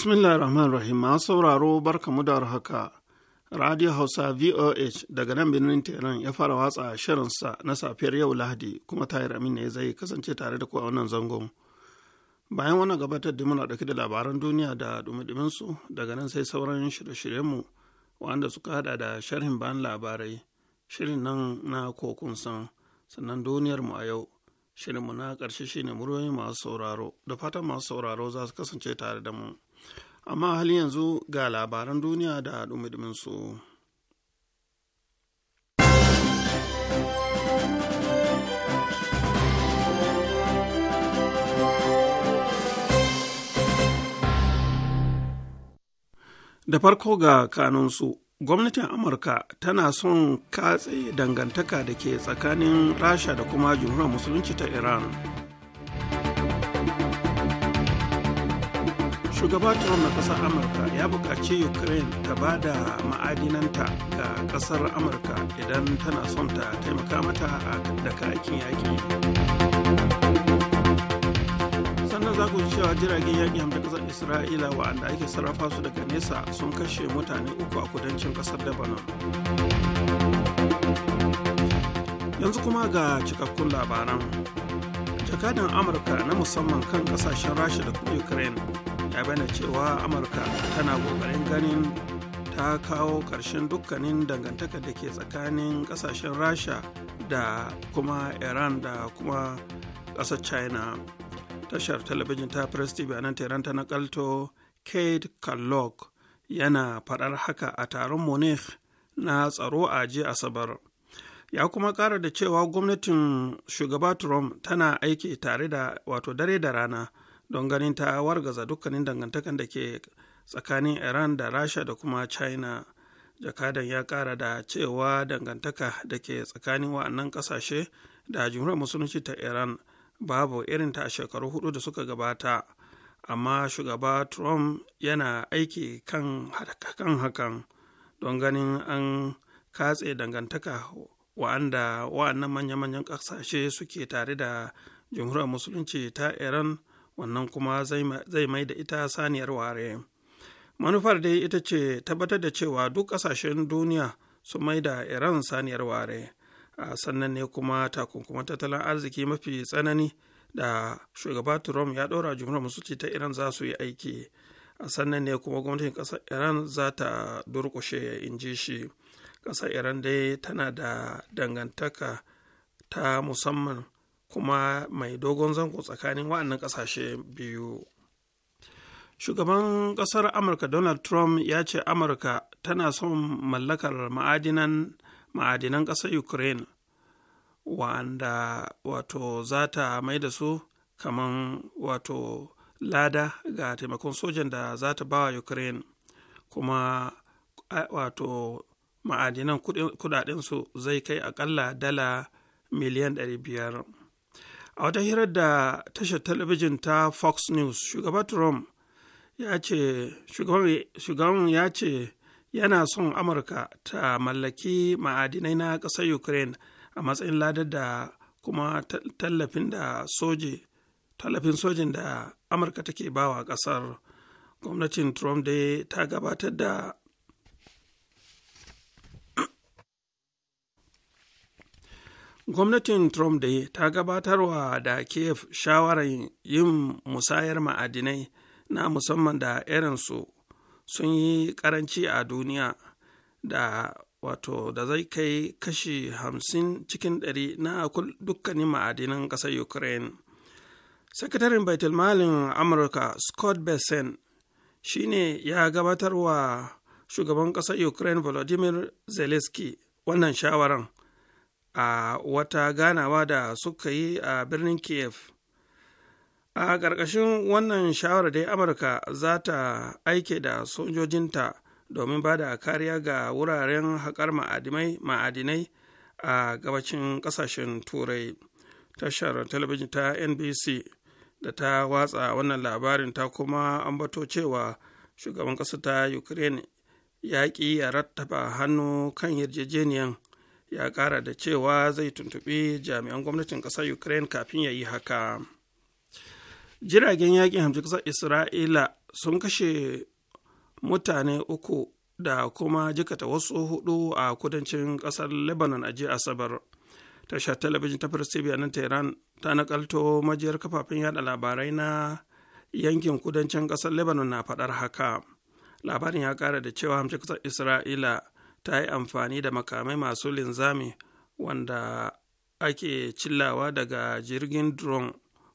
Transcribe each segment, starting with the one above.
Bismillah rahman rahim masu sauraro mu da haka. Radio Hausa VOH daga nan birnin Tehran ya fara watsa shirinsa na safiyar yau Lahadi kuma Tahir Amin ne zai kasance tare da ku a wannan zangon. Bayan wannan gabatar da muna ɗauki da labaran duniya da dumi su daga nan sai sauran shirye shiryen mu wanda suka hada da sharhin bayan labarai, shirin nan na kokun san, sannan duniyar mu a yau. shirin mu na ƙarshe shine muryoyi masu sauraro, da fatan masu sauraro za su kasance tare da mu. amma halin yanzu ga labaran duniya da dumi su. da farko ga kanunsu gwamnatin amurka tana son katse dangantaka da ke tsakanin rasha da kuma jumhuriyar musulunci ta iran shugaba trump na kasar amurka ya buƙaci ukraine ta ba da ma'adinanta ga kasar amurka idan tana son ta taimaka mata a da kayakin yaƙi sannan za ku ji cewa jiragen yaƙi hamda kasar isra'ila wa'anda ake sarrafa su daga nesa sun kashe mutane uku a kudancin kasar lebanon yanzu kuma ga cikakkun labaran jakadan amurka na musamman kan kasashen rasha da kuma ukraine ya bayyana cewa amurka tana ƙoƙarin ganin ta kawo ƙarshen dukkanin dangantaka da ke tsakanin ƙasashen rasha da kuma iran da kuma ƙasar china tashar talabijin ta press tv a nan tehran ta nakalto kate kallok yana faɗar haka a taron munich na tsaro a jiya asabar ya kuma kara da cewa gwamnatin shugaba trump tana aiki tare da wato dare da rana don ganin ta wargaza dukkanin dangantakan da ke tsakanin iran da rasha da kuma china jakadan ya kara da cewa dangantaka da ke tsakanin wa'annan kasashe da jumhuriyar musulunci ta iran babu irinta a shekaru hudu da suka gabata amma shugaba trump yana aiki kan hakan don ganin an katse dangantaka wa'anda wa'annan manya-manyan kasashe suke tare da jumhuriyar musulunci ta iran wannan kuma zai mai da ita saniyar ware manufar dai ita ce tabbatar da cewa duk ƙasashen duniya su mai da iran saniyar ware a sannan ne kuma takunkuman tattalin arziki mafi tsanani da shugaba trump ya ɗora jumhuriyar musulci ta iran za su yi aiki a sannan ne kuma gwamnatin ƙasar iran za ta durƙushe in ji shi ƙasar iran dai tana da dangantaka ta musamman kuma mai dogon zango tsakanin waɗannan ƙasashe biyu shugaban ƙasar amurka donald trump ya ce amurka tana son mallakar ma'adinan ma'adinan ƙasar ukraine wanda wato za ta mai da su kaman wato lada ga taimakon sojan da za ta ba wa ukraine kuma wato ma'adinan kudadensu zai kai akalla dala miliyan 500 a wata hirar da tashar talabijin ta fox news shugaba trump ya ce shugaban ya ce yana son amurka ta mallaki ma'adinai na ƙasar ukraine a matsayin ladar da kuma tallafin da soji tallafin sojin da amurka take bawa ƙasar gwamnatin trump dai ta gabatar da gwamnatin trump da ta gabatarwa da kiev shawarar yin musayar ma'adinai na musamman da irinsu sun yi karanci a duniya da wato da zai kai kashi hamsin cikin ɗari na dukkanin ma'adinan ƙasar ukraine sakataren baitulmalin amurka scott bessen shine ya gabatarwa shugaban ƙasar ukraine volodymyr zelensky wannan shawaran a wata ganawa da suka yi a birnin kiev a ƙarƙashin wannan shawarar dai amurka za ta aike da sojojinta domin ba da kariya ga wuraren haƙar ma'adinai a gabacin ƙasashen turai tashar talabijin ta nbc da ta watsa wannan labarin ta kuma ambato cewa shugaban ƙasa ta ukraine ya ƙi ya rattaba hannu kan yarjejeniyan ya kara da cewa zai tuntuɓi jami'an gwamnatin ƙasar ukraine kafin ya yi haka jiragen yakin hamsin ƙasar isra'ila sun kashe mutane uku da kuma jikata wasu hudu a kudancin ƙasar lebanon a jiya asabar tashar talabijin ta firistibiya na tehran ta nakalto majiyar kafafen yada labarai na yankin kudancin ƙasar lebanon na faɗar haka labarin ya kara da cewa hamsin ƙasar isra'ila ta yi amfani da makamai masu linzami wanda ake cillawa daga jirgin drone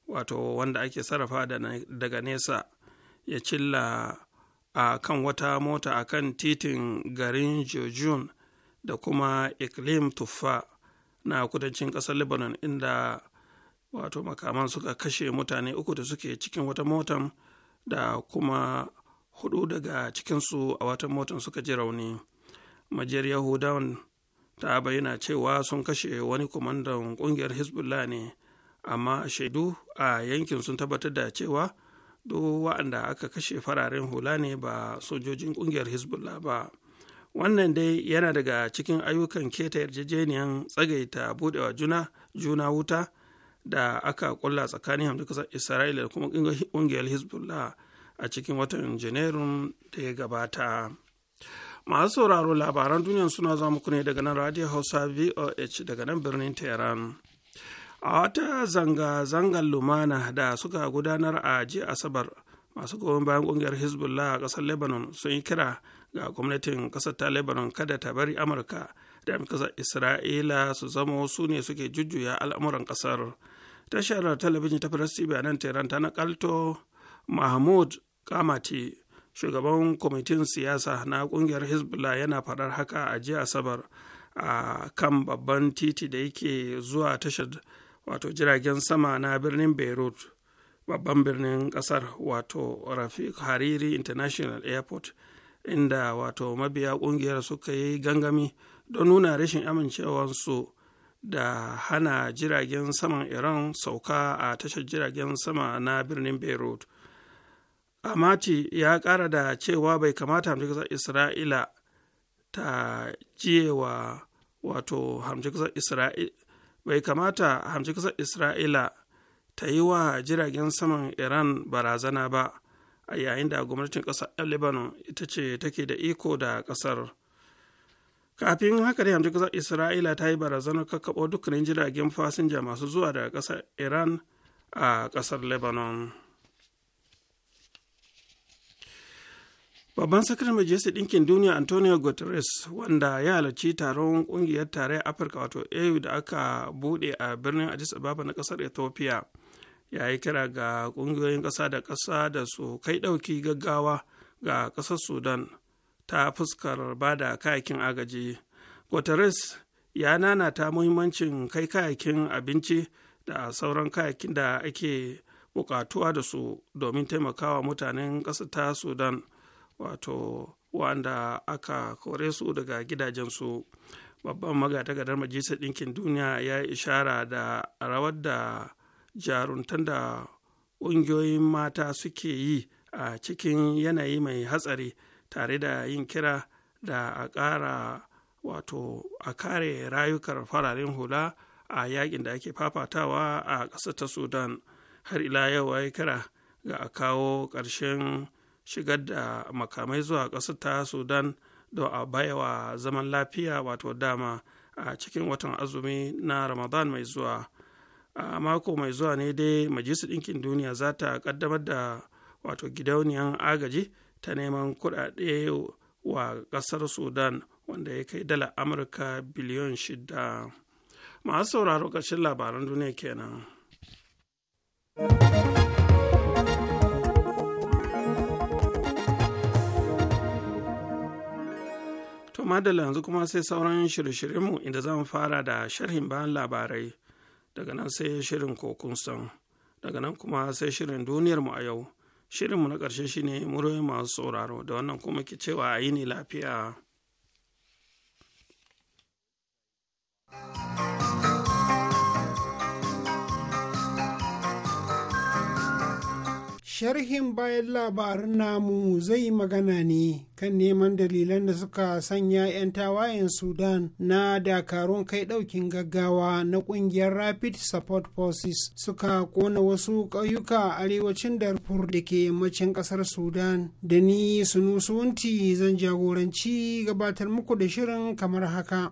wato wanda ake sarrafa daga nesa ya cilla a kan wata mota a kan titin garin jejun da kuma iklim tuffa na kudancin ƙasar lebanon inda wato makaman suka kashe mutane uku da suke cikin wata motan da kuma hudu daga cikinsu a watan motan suka ji rauni majiyar yahudawan ta bayyana cewa sun kashe wani kwamandan kungiyar hezbollah ne amma shaidu a yankin sun tabbatar da cewa duk wa'anda aka kashe fararen hula ne ba sojojin kungiyar hezbollah ba wannan dai yana daga cikin ayyukan keta yarjejeniyar tsagaita budewa juna juna wuta da aka kulla tsakanin hamdu kasar isra'ila da kuma kungiyar hezbollah a cikin watan janairun da ya gabata masu sauraro labaran duniya suna za muku ne daga nan radio hausa voh daga nan birnin tehran a wata zanga-zangar lumana da suka gudanar a jiya asabar masu goyon bayan kungiyar hezbollah a kasar lebanon sun yi kira ga gwamnatin kasar ta lebanon kada ta bari amurka da kasar isra'ila su zama su ne suke jujjuya al'amuran kasar tashar talabijin ta firas tv a nan tehran ta nakalto mahmud kamati shugaban kwamitin siyasa na kungiyar hezbollah yana faɗar haka a jiya asabar a kan babban titi da yake zuwa tashar wato jiragen sama na birnin beirut babban birnin kasar wato rafiq hariri international airport inda wato mabiya kungiyar suka yi gangami don nuna rashin amincewarsu da hana jiragen saman iran sauka a tashar jiragen sama na birnin beirut amati ya kara da cewa bai kamata hamshin isra'ila ta jiyewa wato isra'ila bai kamata isra'ila ta yi wa jiragen saman iran barazana ba a yayin da gwamnatin kasar lebanon ita ce take da iko da kasar kafin haka dai hamshin isra'ila ta yi barazanar kakkaɓo dukkanin jiragen fasinja masu zuwa daga kasar iran a kasar lebanon Babban sakataren Majalisar Ɗinkin Duniya Antonio Guterres wanda ya halarci taron ƙungiyar tarayyar Afirka wato AU da aka buɗe a birnin Addis Ababa na ƙasar Ethiopia ya yi kira ga ƙungiyoyin ƙasa da ƙasa da su kai ɗauki gaggawa ga ƙasar Sudan ta fuskar ba da kayakin agaji. Guterres ya nanata muhimmancin kai kayakin abinci da sauran kayakin da ake buƙatuwa da su domin taimakawa mutanen ƙasar ta Sudan. wato wanda aka kore su daga gidajensu babban magatakardar majalisar ɗinkin duniya ya yi ishara da rawar da jaruntan da ƙungiyoyin mata suke yi a cikin yanayi mai hatsari tare da yin kira da a ƙara wato a kare rayukar fararen hula a yakin da ake fafatawa a ƙasar ta sudan har ila yau ya kira ga a kawo ƙarshen shigar da makamai zuwa ƙasar ta sudan don a wa zaman lafiya wato dama a cikin watan azumi na ramadan mai zuwa a mako mai zuwa ne dai majalisar ɗinkin duniya za ta ƙaddamar da wato gidauniyan agaji ta neman kuɗaɗe wa ƙasar sudan wanda ya kai dala amurka biliyon shida masu sauraro ƙarshen labaran duniya kenan. To madalla yanzu kuma sai sauran shirye-shiryenmu inda zan fara da sharhin bayan labarai daga nan sai shirin kokun san daga nan kuma sai shirin duniyarmu a yau shirinmu na ƙarshe shine muryoyi masu sauraro da wannan kuma ke cewa a yi ne lafiya. Sharhin bayan labarin namu zai magana ne kan neman dalilan da suka sanya 'yan tawayen Sudan na dakarun kai ɗaukin gaggawa na ƙungiyar Rapid Support Forces suka kona wasu ƙauyuka arewacin Darfur da ke yammacin ƙasar Sudan. Da ni sunusunti zan jagoranci gabatar muku da shirin kamar haka.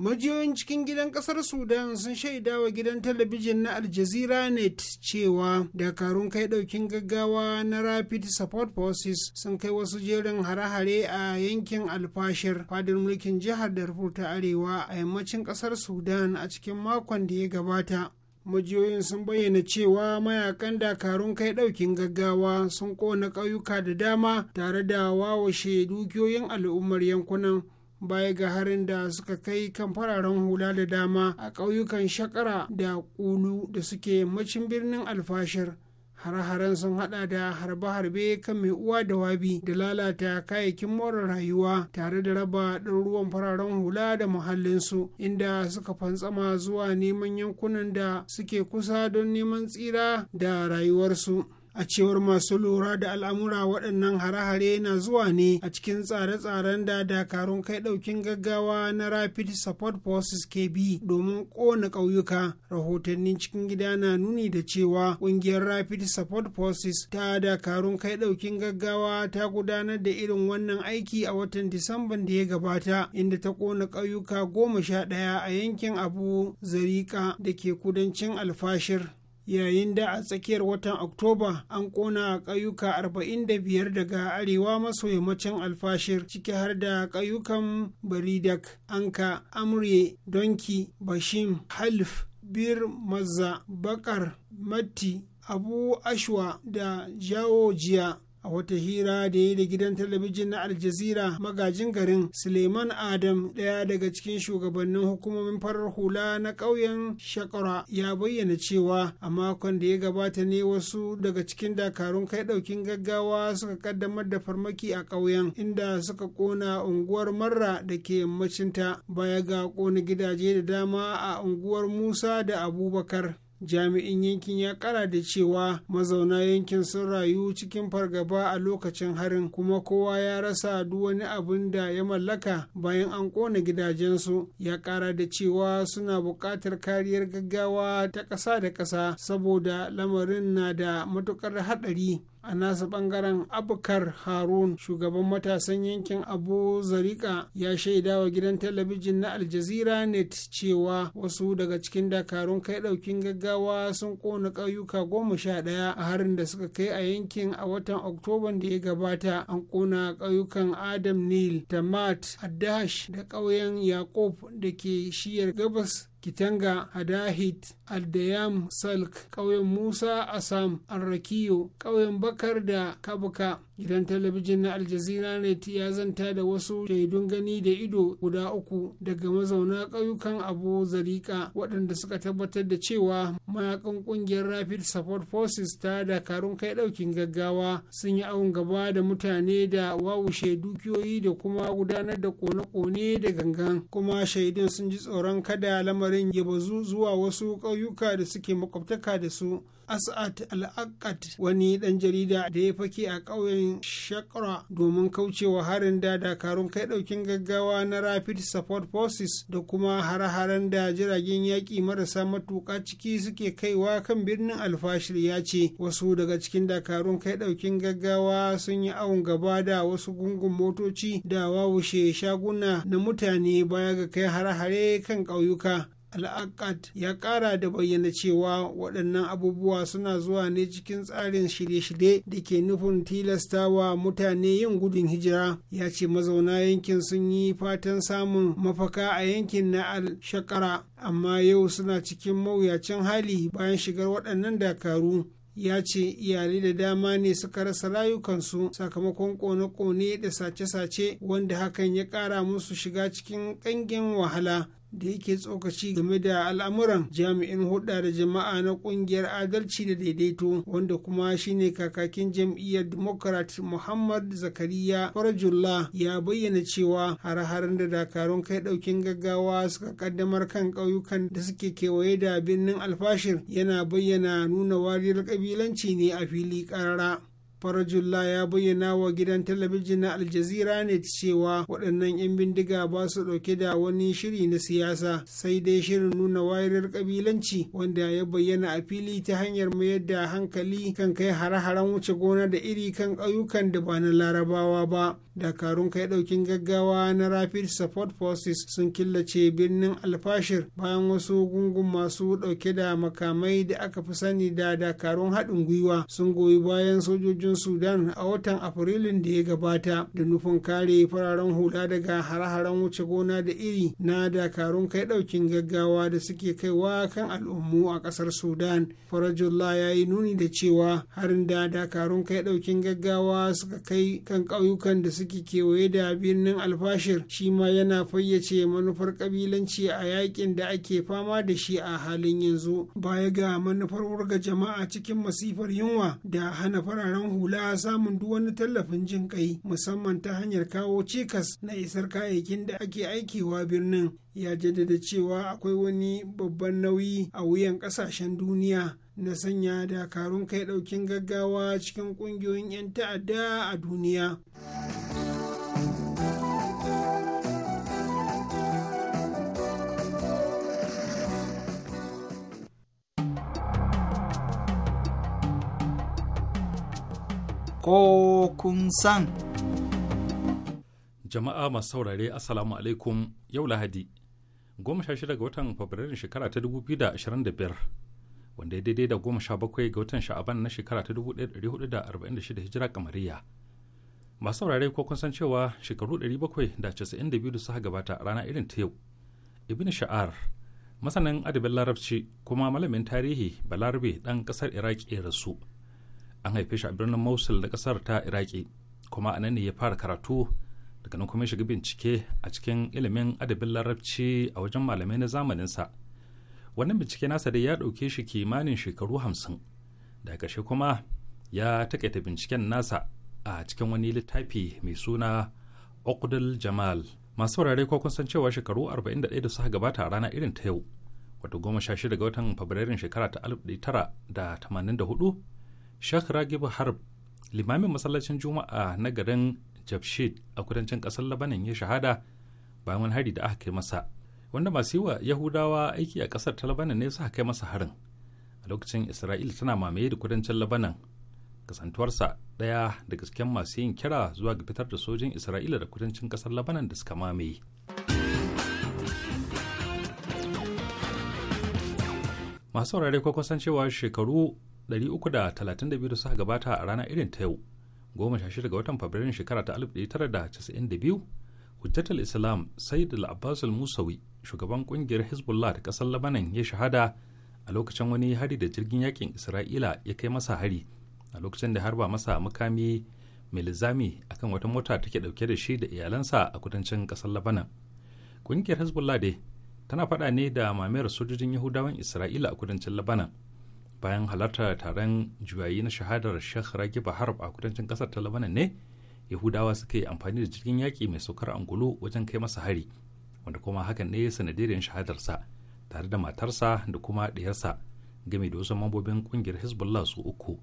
majiyoyin cikin gidan kasar sudan sun shaida wa gidan talabijin na aljazeera net cewa dakarun kai daukin gaggawa na rapid support forces sun kai wasu jerin hare-hare a yankin alfashir fadin mulkin jihar darfur ta arewa a yammacin kasar sudan a cikin makon da ya gabata majiyoyin sun bayyana cewa mayakan dakarun kai daukin gaggawa sun kona ƙauyuka da dama tare da wawashe dukiyoyin al'ummar yankunan baya ga harin da suka kai kan fararen hula da dama a ƙauyukan shakara da ƙulu da suke macin birnin alfashir har haren sun hada da harbe-harbe kan mai uwa da wabi da lalata kayayyakin more rayuwa tare da raba ruwan fararen hula da muhallinsu inda suka fantsama zuwa neman yankunan da suke kusa don neman tsira da rayuwarsu. a cewar masu lura da al'amura waɗannan hare-hare na zuwa ne a cikin tsare-tsaren da dakarun kai ɗaukin gaggawa na rapid support forces kb domin ƙona ƙauyuka rahotannin cikin gida na nuni da cewa ƙungiyar rapid support forces ta dakarun kai ɗaukin gaggawa ta gudanar da irin wannan aiki a watan disamban da ya gabata inda ta ƙona ƙauyuka goma sha ɗaya a yankin abu zarika da ke kudancin alfashir yayin da a tsakiyar watan oktoba an kona ƙauyuka 45 daga arewa maso yammacin alfashir ciki har da ƙauyukan baridak anka amre donki bashim halif bir maza bakar matti abu ashwa da jawo jiya a wata hira da ya da gidan talabijin na aljazira magajin garin suleiman adam ɗaya daga cikin shugabannin hukumomin farar hula na ƙauyen shakara ya bayyana cewa a makon da ya gabata ne wasu daga cikin dakarun kai ɗaukin gaggawa suka kaddamar da farmaki a ƙauyen inda suka ƙona unguwar marra da ke yammacinta baya ga ƙona gidaje da dama a unguwar musa da abubakar jami'in yankin ya kara da cewa mazauna yankin sun rayu cikin fargaba a lokacin harin kuma kowa ya rasa duk wani abin da ya mallaka bayan an kona gidajensu ya kara da cewa suna buƙatar kariyar gaggawa ta ƙasa da ƙasa saboda lamarin na da matuƙar haɗari a nasa bangaren abukar harun shugaban matasan yankin abu zarika ya shaida wa gidan talabijin na aljazira net cewa wasu daga cikin dakarun kai ɗaukin gaggawa sun ƙona ƙauyuka goma sha ɗaya a harin da suka kai a yankin a watan oktoban da ya gabata an ƙona ƙauyukan adam nil tamat addash da ƙauyen yakub da ke shiyar gabas Kitanga Adahit Aldayam Salk ƙauyen Musa Asam Arrakiyo ƙauyen Bakar da Kabuka gidan talabijin na aljazira ne ya zanta da wasu shaidun gani da ido guda uku daga mazauna ƙauyukan abu zariƙa waɗanda suka tabbatar da cewa mayakan ƙungiyar rapid support forces ta dakarun kai ɗaukin gaggawa sun yi awon gaba da mutane da wawushe dukiyoyi da kuma gudanar da kone-kone da gangan kuma shaidun sun ji tsoron kada lamarin ya bazu zuwa wasu ƙauyuka da suke makwabtaka da su as'ad al'aqat wani ɗan jarida da ya fake a ƙauyen shakra domin kaucewa harin da dakarun kai ɗaukin gaggawa na rapid support forces da kuma hare-haren da jiragen yaƙi marasa matuƙa ciki suke kaiwa kan birnin alfashir ya ce wasu daga cikin dakarun kai ɗaukin gaggawa sun yi awon gaba da wasu gungun motoci da wawushe shaguna na mutane baya ga kai hare-hare kan ƙauyuka al'akad ya kara da bayyana cewa waɗannan abubuwa suna zuwa ne cikin tsarin shirye-shirye da ke nufin tilasta wa mutane yin gudun hijira ya ce mazauna yankin sun yi fatan samun mafaka a yankin na al-shakara amma yau suna cikin mawuyacin hali bayan shigar waɗannan dakaru ya ce iyalai da dama ne suka rasa rayukansu sakamakon kone-kone da sace-sace wanda hakan ya kara musu shiga cikin kangen wahala da yake tsokaci game da al'amuran jami'in hulɗa da jama'a na ƙungiyar adalci da daidaito wanda kuma shine kakakin jam'iyyar democrat muhammad zakariya farajullah ya bayyana cewa har-harin da dakarun kai ɗaukin gaggawa suka kaddamar kan ƙauyukan da suke kewaye da birnin alfashir yana bayyana nuna wariyar ƙabilanci ne a fili ƙarara farajullah ya bayyana wa gidan talabijin na aljazira ne cewa waɗannan 'yan bindiga ba su ɗauke da wani shiri na siyasa sai dai shirin nuna wayar ƙabilanci. wanda ya bayyana a fili ta hanyar mayar da hankali kan kai hare-haren wuce gona da iri kan ƙauyukan da ba na larabawa ba dakarun kai ɗaukin gaggawa na rapid support forces sun killace birnin alfashir bayan wasu gungun masu ɗauke da makamai da aka fi sani da dakarun haɗin gwiwa sun goyi bayan sojojin kudancin sudan a watan afrilun da ya gabata da nufin kare fararen hula daga hare-haren wuce gona da iri na dakarun kai daukin gaggawa da suke kaiwa kan al'ummu a kasar sudan farajullah ya yi nuni da cewa harin da dakarun kai daukin gaggawa suka kai kan ƙauyukan da suke kewaye da birnin alfashir shi ma yana fayyace manufar kabilanci a yakin da ake fama da shi a halin yanzu baya ga manufar wurga jama'a cikin masifar yunwa da hana fararen hula samun duk wani tallafin jin kai musamman ta hanyar kawo cikas na isar kayayyakin da ake aikewa birnin ya jaddada cewa akwai wani babban nauyi a wuyan kasashen duniya na sanya dakarun kai daukin gaggawa cikin kungiyoyin 'yan ta'adda a duniya. ko kun san. Jama'a masu saurare Assalamu alaikum yau Lahadi, goma sha shida ga watan Fabrairun shekara ta dubu biyu da ashirin da biyar, wanda ya daidai da goma sha bakwai ga watan Sha'aban na shekara ta dubu ɗaya da hudu da arba'in da shida hijira kamariya. Masu saurare ko kun san cewa shekaru ɗari bakwai da casa'in da biyu da suka gabata rana irin ta yau. Ibn Sha'ar, masanin adabin larabci kuma malamin tarihi balarabe ɗan ƙasar Iraki ya rasu. an haife shi a birnin mosul na kasar ta iraki kuma a nan ne ya fara karatu daga nan kuma ya shiga bincike a cikin ilimin adabin larabci a wajen malamai na zamaninsa wannan bincike nasa dai ya ɗauke shi kimanin shekaru hamsin da ƙarshe kuma ya taƙaita binciken nasa a cikin wani littafi mai suna okudul jamal masu wurare ko kun san cewa shekaru 41 da suka gabata a rana irin ta yau wato goma sha shida ga watan fabrairun shekara ta 1984 Sheikh Ragib Harb limamin masallacin Juma'a na garin Jabshid a kudancin ƙasar Labanan ya shahada bayan wani hari da aka kai masa wanda masu yi wa Yahudawa aiki a ƙasar ta Labanan ne suka kai masa harin a lokacin Isra'ila tana mamaye da kudancin Labanan kasantuwarsa ɗaya daga cikin masu yin kira zuwa ga fitar da sojin Isra'ila da kudancin ƙasar Labanan da suka mamaye. masu saurare kwakwasan cewa shekaru 332 da suka gabata a ranar irin ta yau goma sha shida ga watan fabrairun shekara ta 1992 hujjatar islam said al-abbas al-musawi shugaban kungiyar hezbollah da kasar labanan ya shahada a lokacin wani hari da jirgin yakin isra'ila ya kai masa hari a lokacin da harba masa makami mai lizami akan wata mota take dauke da shi da iyalansa a kudancin kasar labanan kungiyar hezbollah dai tana faɗa ne da mamayar sojojin yahudawan isra'ila a kudancin labanan bayan halartar taron juyayi na shahadar Sheikh Ragib Harb a kudancin kasar ta Lebanon ne Yahudawa suka yi amfani da jirgin yaƙi mai saukar angulu wajen kai masa hari wanda kuma hakan ne sanadiyar shahadarsa tare da matarsa da kuma ɗiyarsa game da wasu mambobin ƙungiyar Hezbollah su uku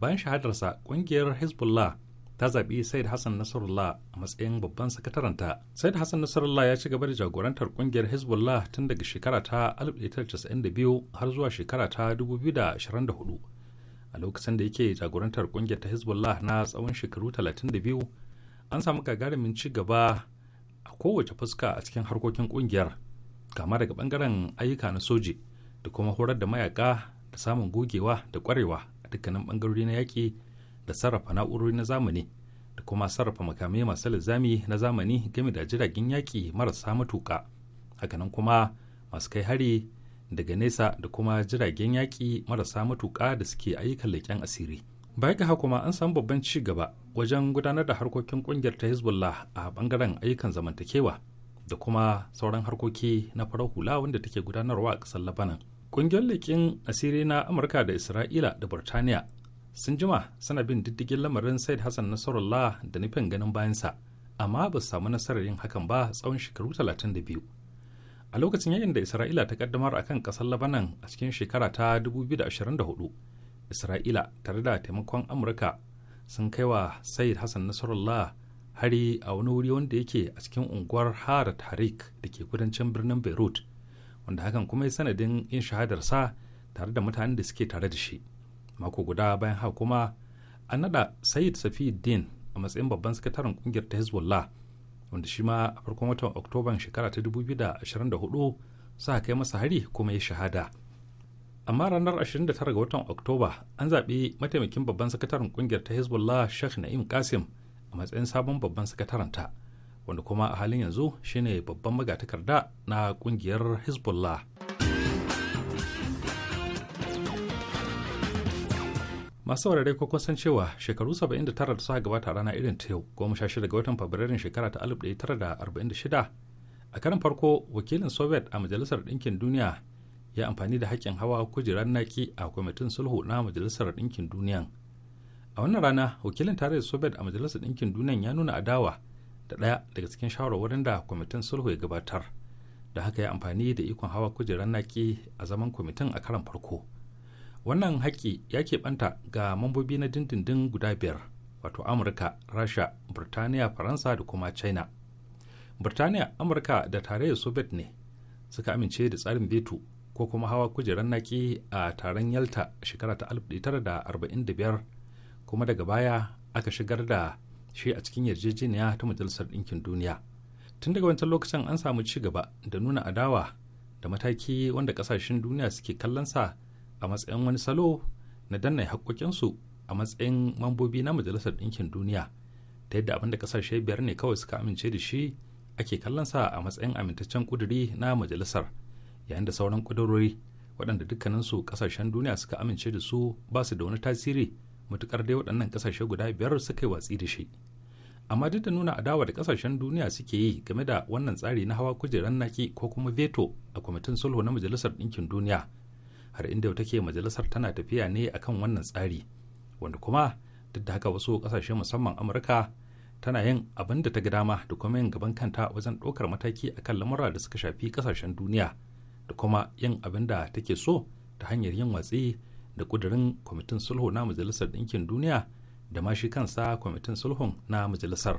bayan shahadarsa ƙungiyar Hezbollah ta zaɓi Said Hassan Nasrullah a matsayin babban sakataranta. Said Hassan Nasrullah ya ci gaba da jagorantar kungiyar Hezbollah tun daga shekara ta 1992 har zuwa shekara ta 2024. A lokacin da yake jagorantar ƙungiyar ta Hezbollah na tsawon shekaru 32, an samu gagarumin ci gaba a kowace fuska a cikin harkokin ƙungiyar kama daga bangaren ayyuka na soji da kuma horar da mayaka da samun gogewa da ƙwarewa a dukkanin ɓangarori na yaƙi da sarrafa na'urori na zamani da kuma sarrafa makamai masu linzami na zamani game da jiragen yaƙi marasa matuƙa hakanan kuma masu kai hari daga nesa da kuma jiragen yaƙi marasa matuƙa da suke ayyukan leƙen asiri baya ga haka kuma an samu babban ci gaba wajen gudanar da harkokin ƙungiyar ta hezbollah a bangaren ayyukan zamantakewa da kuma sauran harkoki na farar hula wanda take gudanarwa a ƙasar labanan ƙungiyar leƙen asiri na amurka da isra'ila da burtaniya sun jima suna bin diddigin lamarin said hassan nasarullah da nufin ganin bayansa amma ba su samu nasarar yin hakan ba tsawon shekaru 32 a lokacin yayin da isra'ila ta kaddamar a kan kasar labanan a cikin shekara ta 2024 isra'ila tare da taimakon amurka sun kai wa said hassan nasarullah hari a wani wuri wanda yake a cikin unguwar hara tarik da ke kudancin birnin beirut wanda hakan kuma yi sanadin yin shahadarsa tare da mutanen da suke tare da shi mako guda bayan haka kuma an nada sayid safiuddin a matsayin babban sakataren kungiyar ta hezbollah wanda shi ma a farkon watan oktoban shekara ta 2024 sa kai masa hari kuma ya shahada amma ranar 29 ga watan oktoba an zaɓi mataimakin babban sakataren kungiyar ta hezbollah sheikh na'im kasim a matsayin sabon babban sakataren ta wanda kuma a halin yanzu shine babban magatakarda na kungiyar hezbollah masu saurare ko kun san cewa shekaru 79 da suka gabata rana irin ta yau goma sha shida ga watan fabrairun shekara ta 1946 a karin farko wakilin soviet a majalisar ɗinkin duniya ya amfani da haƙƙin hawa kujerar naki a kwamitin sulhu na majalisar ɗinkin duniya a wannan rana wakilin tarayyar soviet a majalisar ɗinkin duniya ya nuna adawa da ɗaya daga cikin shawarwarin da kwamitin sulhu ya gabatar da haka ya amfani da ikon hawa kujerar naki a zaman kwamitin a karan farko wannan haƙƙi ya ke keɓanta ga mambobi na dindindin guda biyar wato amurka rasha burtaniya faransa da kuma china burtaniya amurka da tarayyar soviet ne suka amince da tsarin betu ko kuma hawa kujerar naki a taron yalta shekara ta 1945 kuma daga baya aka shigar da shi a cikin yarjejeniya ta majalisar ɗinkin duniya tun daga wancan lokacin an samu ci gaba da nuna adawa da mataki wanda ƙasashen duniya suke kallon sa. a matsayin wani salo na danna haƙoƙinsu a matsayin mambobi na majalisar ɗinkin duniya ta yadda abin da ƙasashe biyar ne kawai suka amince da shi ake kallon sa a matsayin amintaccen ƙuduri na majalisar yayin da sauran ƙudurori waɗanda dukkaninsu ƙasashen duniya suka amince da su ba su da wani tasiri matuƙar dai waɗannan ƙasashe guda biyar suka yi watsi da shi amma duk da nuna adawa da ƙasashen duniya suke yi game da wannan tsari na hawa kujerar naki ko kuma veto a kwamitin sulhu na majalisar ɗinkin duniya har inda take majalisar tana tafiya ne akan wannan tsari wanda kuma duk da haka wasu kasashe musamman amurka tana yin abin da ta ga dama da kuma yin gaban kanta wajen ɗaukar mataki akan lamura da suka shafi kasashen duniya da kuma yin abin da take so ta hanyar yin watsi da ƙudurin kwamitin sulhu na majalisar ɗinkin duniya da ma shi kansa kwamitin sulhun na majalisar.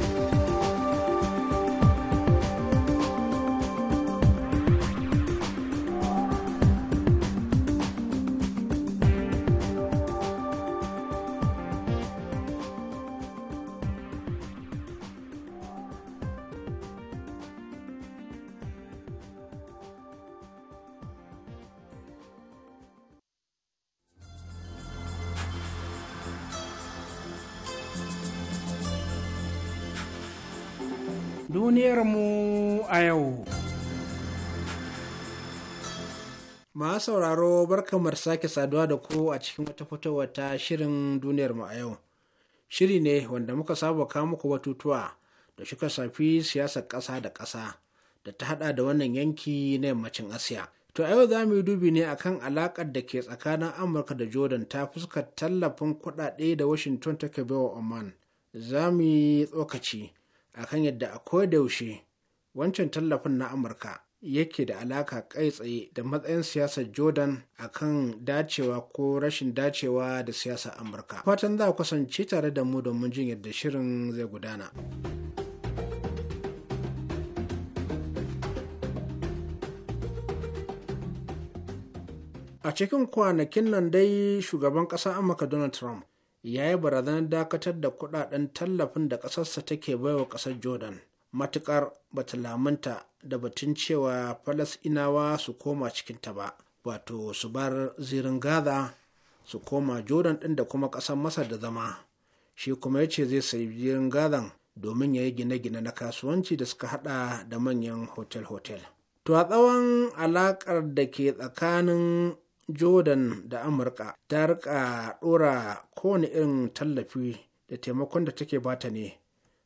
duniyarmu a yau. Ma sauraro barkamar sake saduwa da ku a cikin wata fitowar ta shirin duniyarmu a yau. Shiri ne wanda muka saba kawo muku batutuwa da shuka safi siyasar ƙasa da ƙasa da ta hada da wannan yanki na yammacin Asiya. To a yau za mu yi dubi ne akan alaƙar da ke tsakanin Amurka da Jordan ta fuskar tallafin kuɗaɗe da Washington take baiwa Oman. Za mu yi tsokaci akan yadda a kodayaushe wancan tallafin na amurka yake da alaka kai tsaye da matsayin siyasar jordan akan dacewa ko rashin dacewa da siyasar amurka fatan za kasance tare da mu domin jin yadda shirin zai gudana a cikin kwanakin nan dai shugaban ƙasar amurka donald trump ya yi barazanar dakatar da kudaden tallafin da ƙasarsa take baiwa ƙasar jordan matuƙar bata lamunta da batun cewa falasinawa su koma cikinta ba wato su bar zirin gaza su koma jordan ɗin da kuma ƙasar masar da zama shi kuma ya ce zai sayi zirin gazan domin ya yi gine-gine na kasuwanci da suka hada da manyan hotel-hotel to a tsawon alaƙar da ke tsakanin jordan da amurka ta rika dora kowane irin tallafi da taimakon da take bata ne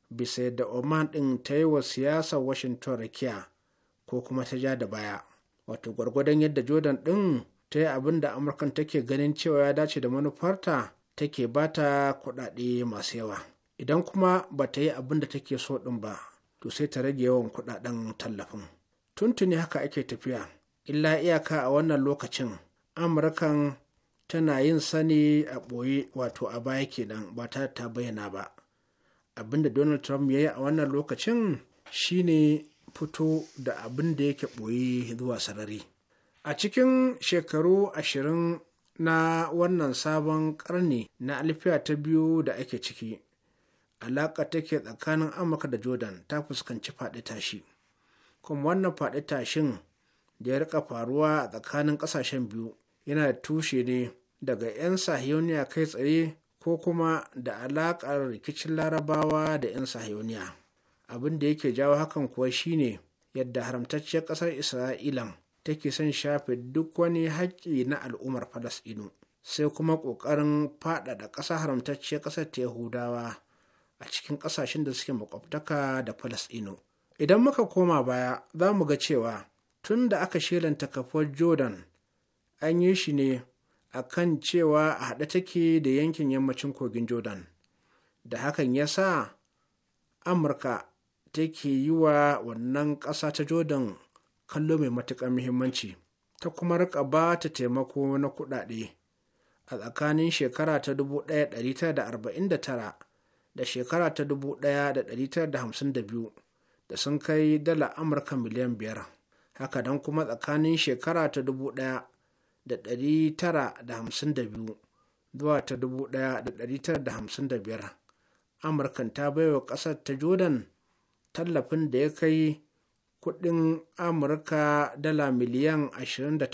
bisa yadda oman din ta yi wa siyasar washington rakiya ko kuma ta ja da baya wato gwargwadon yadda jordan din ta yi abin da amurkan take ganin cewa ya dace da manufarta take bata kuɗaɗe masu yawa idan kuma ba ta yi abin da take so ɗin ba to sai ta rage yawan kuɗaɗen tallafin tuntuni haka ake tafiya illa iyaka a wannan lokacin amurkan tana yin sani a ɓoye wato a baya kenan ba ta ta bayyana ba abin da donald trump ya yi a wannan lokacin shine fito da abin da yake ɓoye zuwa sarari a cikin shekaru ashirin na wannan sabon ƙarni na alfiya ta biyu da ake ciki alaƙa take tsakanin amurka da jordan ta fuskanci faɗi tashi kuma wannan faɗi tashin da ya riƙa faruwa a tsakanin ƙasashen biyu yana tushe ne daga 'yan sahiyoniya kai tsaye ko kuma da alaƙar rikicin larabawa da 'yan sahiyoniya abin da yake jawo hakan kuwa shine yadda haramtacciyar ƙasar isra'ilan take son shafe duk wani haƙƙi na al'ummar falasɗinu sai kuma ƙoƙarin faɗaɗa ƙasa haramtacciyar ƙasar ta yahudawa a cikin ƙasashen da suke makwabtaka da falasɗinu idan muka koma baya za mu ga cewa tun da aka shelanta kafuwar jordan an yi shi ne a kan cewa a haɗe take da yankin yammacin kogin jordan da hakan ya sa amurka take yi wa wannan ƙasa ta jordan kallo mai matuƙar muhimmanci ta kuma rika ba ta taimako na kuɗaɗe a tsakanin shekara ta 1949 da shekara ta 1952 da sun kai dala amurka miliyan biyar haka don kuma tsakanin shekara ta 1000 da ɗari tara da hamsin da biyu zuwa ta dubu ɗaya da ɗari tara da hamsin da biyar amurkan ta baiwa ƙasar ta jordan tallafin da ya kai kuɗin amurka dala miliyan ashirin da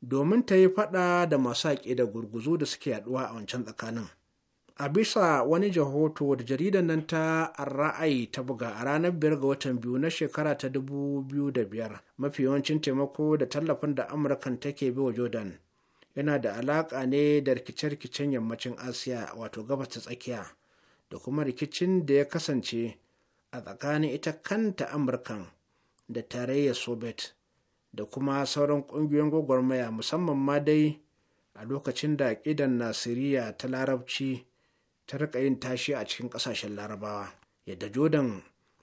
domin ta yi faɗa da masu haƙe da gurguzu da suke yaɗuwa a wancan tsakanin a bisa wani jahoto da jaridar nan ta ra'ayi ta buga a ranar biyar ga watan biyu na shekara ta dubu biyu da biyar mafi yawancin taimako da tallafin da amurkan take bi wa jordan yana da alaƙa ne da rikice-rikicen yammacin asiya wato gabas ta tsakiya da kuma rikicin da ya kasance a tsakanin ita kanta amurkan da tarayya soviet da kuma sauran ƙungiyoyin gwagwarmaya musamman ma dai a lokacin da ƙidan nasiriya ta larabci ta rika yin tashi a cikin ƙasashen larabawa yadda jordan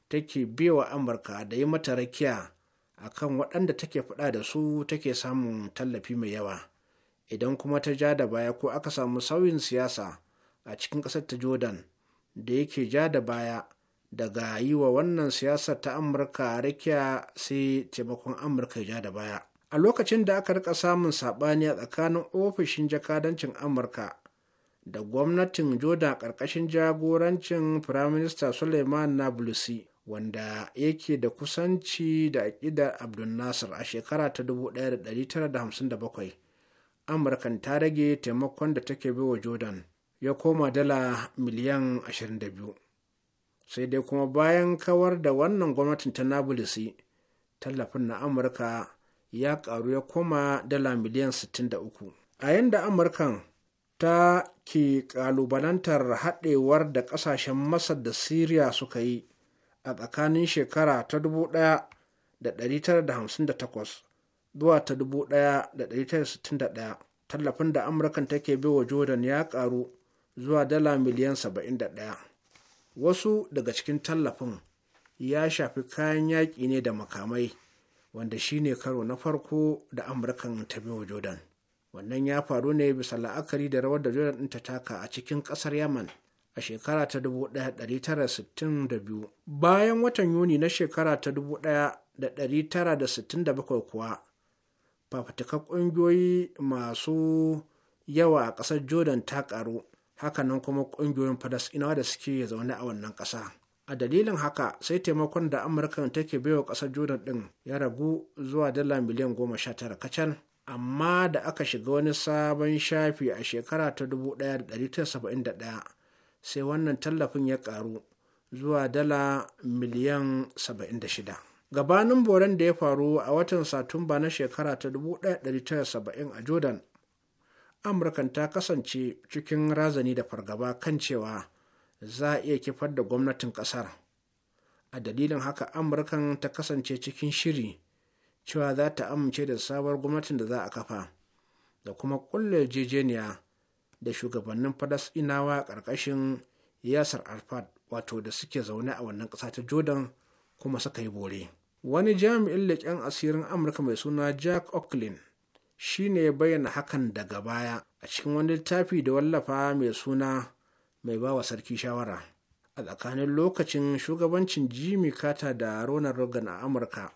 take biyawa amurka da yi mata rakiya kan waɗanda take faɗa da su take samun tallafi mai yawa idan kuma ta ja da baya ko aka samu sauyin siyasa a cikin ƙasar ta jordan da yake ja da baya daga yi wa wannan siyasar ta amurka rakiya sai taimakon amurka ya ja da baya a lokacin da aka rika samun saɓani a tsakanin ofishin jakadancin amurka da gwamnatin joda ƙarƙashin jagorancin firaminista suleiman nablusi wanda yake da kusanci da aƙidar abdul nasir a shekara ta 1957 amurkan ta rage taimakon da take wa jordan ya koma dala miliyan 22 sai dai kuma bayan kawar da wannan gwamnatin ta nabulisi tallafin na amurka ya ƙaru ya koma dala miliyan 63 a yanda amurkan ta ke ƙalubalantar haɗewar da ƙasashen masar da siriya suka yi a tsakanin shekara ta 1958 zuwa ta 1961 tallafin da amurkan take bi wa jordan ya ƙaru zuwa dala miliyan 71 wasu daga cikin tallafin ya shafi kayan yaƙi ne da makamai wanda shine karo na farko da amurkan ta bi wa jordan wannan ya faru ne bisa la'akari da rawar da jordan ta taka a cikin ƙasar yaman a shekara ta 1962 bayan watan yuni na shekara ta 1967 kuwa fafutuka ƙungiyoyi masu yawa a ƙasar jordan ta ƙaru hakanan kuma ƙungiyoyin inawa da suke zaune a wannan ƙasa a dalilin haka sai taimakon da amurka take baiwa ƙasar jordan ɗin ya ragu zuwa dala miliyan goma sha tara kacal amma da aka shiga wani sabon shafi a shekara ta 1971 sai wannan tallafin ya karu zuwa dala miliyan 76 gabanin boren da ya faru a watan satumba na shekara ta 1970 a jordan amurkan ta kasance cikin razani da fargaba kan cewa za a iya kifar da gwamnatin kasar a dalilin haka amurkan ta kasance cikin shiri cewa za ta amince da sabuwar gwamnatin da za a kafa da kuma kulle yarjejeniya da shugabannin falasɗinawa ƙarƙashin yasar arfad wato da suke zaune a wannan ƙasa ta jordan kuma suka yi bore wani jami'in leƙen asirin amurka mai suna jack oaklin shi ne bayyana hakan daga baya a cikin wani littafi da wallafa mai suna mai bawa sarki shawara a tsakanin lokacin shugabancin jimmy carter da ronald reagan a amurka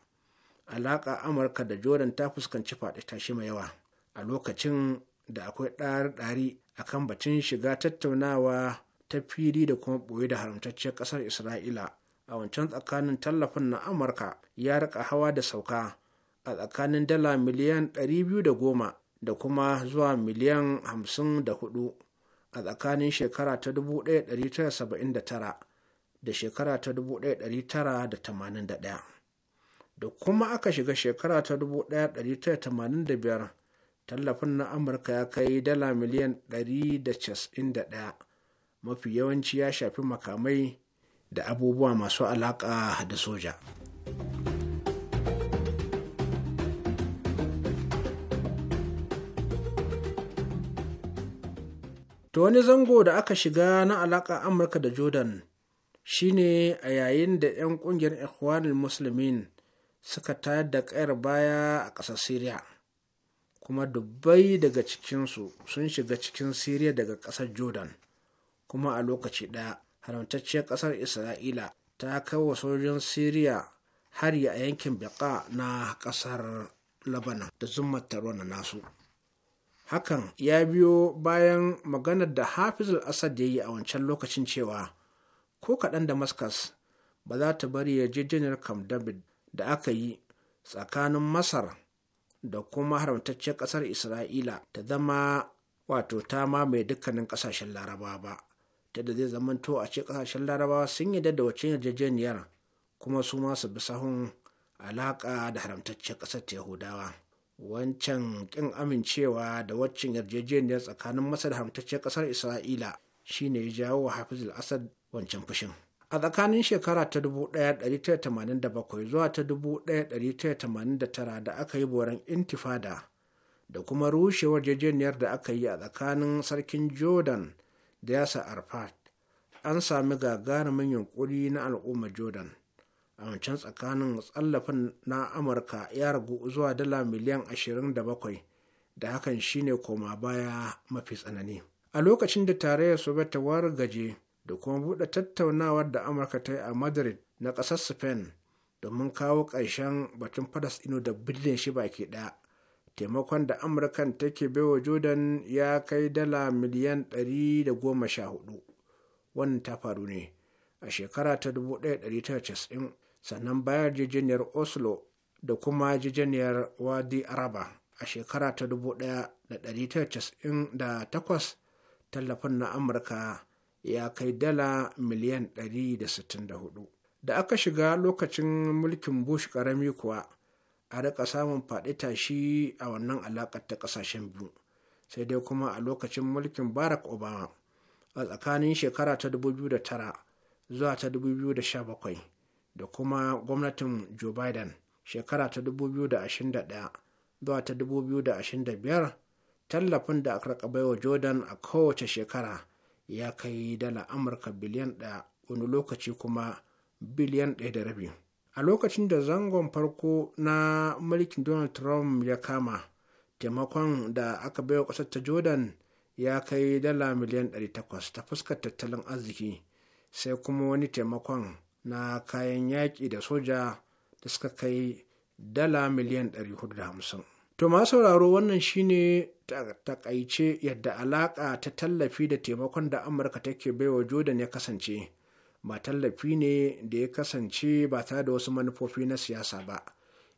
alaƙa amurka da jordan ta fuskanci faɗi tashi mai yawa a lokacin da akwai ɗari-ɗari kan batun shiga tattaunawa ta fili da kuma ɓoye da haramtacciyar ƙasar isra'ila a wancan tsakanin tallafin na amurka ya rika hawa da sauka a tsakanin dala miliyan ɗari biyu da goma da kuma zuwa miliyan hamsin da hudu, a tsakanin shekara ta dubu ɗaya ɗari tara saba'in da tara da shekara ta dubu ɗaya ɗari tara da da tamanin ɗaya. da kuma aka shiga shekara ta 1985 tallafin na amurka ya kai dala miliyan 191 mafi yawanci ya shafi makamai da abubuwa masu alaƙa da soja To wani zango da aka shiga na alaƙa Amurka da Jordan shine a yayin da 'yan ƙungiyar Ikhwanul musulmin. suka tayar da ƙayar baya a ƙasar siriya kuma dubbai daga cikinsu sun shiga cikin siriya daga ƙasar jordan kuma a lokaci ɗaya haramtacciyar ƙasar isra'ila ta kawo sojojin syria hari a yankin beka na ƙasar Lebanon. da zummar na nasu hakan ya biyo bayan maganar da hafiz al-assad ya yi a wancan lokacin cewa ko kaɗan damascus ba za ta bari ya yarjejeniyar camp david da aka yi tsakanin masar da kuma haramtacciyar ƙasar isra'ila ta zama wato ta mamaye dukkanin ƙasashen larabawa ba ta da zai zamanto a ce ƙasashen larabawa sun yi da wacce yarjejeniyar kuma su ma su bi sahun alaƙa da haramtacciyar ƙasar ta yahudawa wancan ƙin amincewa da waccan yarjejeniyar tsakanin masar da haramtacciyar ƙasar isra'ila shine ya jawo wa hafiz al-asad wancan fushin a tsakanin shekara ta 1987 zuwa ta 1989 da aka yi boran intifada da kuma rushewar jejeniyar da aka yi a tsakanin sarkin jordan da yasa arfat an sami gagarumin yunkuri na al'ummar jordan a wancan tsakanin tsallafin na amurka ya ragu zuwa dala miliyan 27 da hakan shine koma baya mafi tsanani a lokacin da tarayyar soviet ta wargaje da kuma buɗe tattaunawar da amurka ta yi a madrid na ƙasar spain domin kawo ƙarshen batun fadas ino da billin shi baki ɗaya taimakon da amurkan take baiwa jordan ya kai dala miliyan 114 wannan ta faru ne a shekara ta 1990 sannan bayan jijiniyar oslo da kuma jijiniyar wadi araba a shekara ta 1998 tallafin na amurka ya kai dala miliyan 164 da aka shiga lokacin mulkin bush karami kuwa a rika samun faɗi tashi a wannan alaƙar ta ƙasashen biyu sai dai kuma a lokacin mulkin barack obama a tsakanin shekara ta 2009 zuwa ta 2017 da kuma gwamnatin joe biden shekara ta 2021 zuwa ta 2025 tallafin da aka rika baiwa jordan a kowace shekara ya kai dala amurka biliyan ɗaya wani lokaci kuma biliyan ɗaya da rabi a lokacin da zangon farko na mulkin donald trump ya kama taimakon da aka baiwa ƙasar ta jordan ya kai dala miliyan 800 ta fuskar tattalin arziki sai kuma wani taimakon na kayan yaƙi da soja da suka kai dala miliyan 450 To ma sauraro wannan shine takaice yadda alaƙa ta tallafi da taimakon da Amurka take baiwa Jordan ya kasance. Ba tallafi ne da ya kasance ba ta da wasu manufofi na siyasa ba.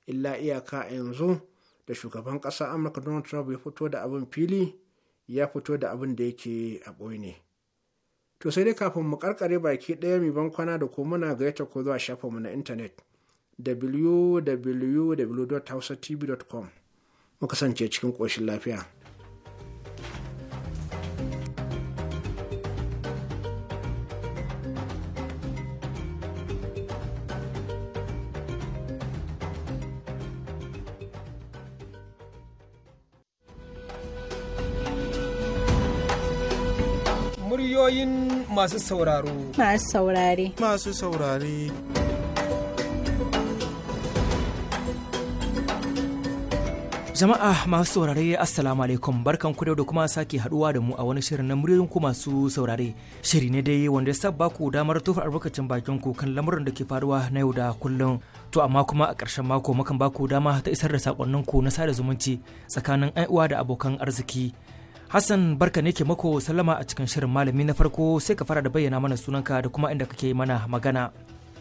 Illa iyaka yanzu da shugaban ƙasa Amurka Donald Trump ya fito da abin fili ya fito da abin da yake a ne. To sai dai kafin mu karkare baki ɗaya mai bankwana da ko muna gayyata ko zuwa shafinmu na intanet www.hausatv.com mu kasance cikin ƙoshin lafiya. Muryoyin masu sauraro. Masu saurare. Masu saurare. Jama'a masu saurare Assalamu alaikum barkan ku da kuma sake haduwa da mu a wani shirin na muryoyin ku masu saurare. Shiri ne dai wanda ya sabba ku damar tufa albarkacin bakin ku kan lamurin da ke faruwa na yau da kullum. To amma kuma a ƙarshen mako mukan baku dama ta isar da sakonnin ku na sada zumunci tsakanin ai'uwa da abokan arziki. Hassan barka ne ke mako sallama a cikin shirin malami na farko sai ka fara da bayyana mana sunanka da kuma inda kake mana magana.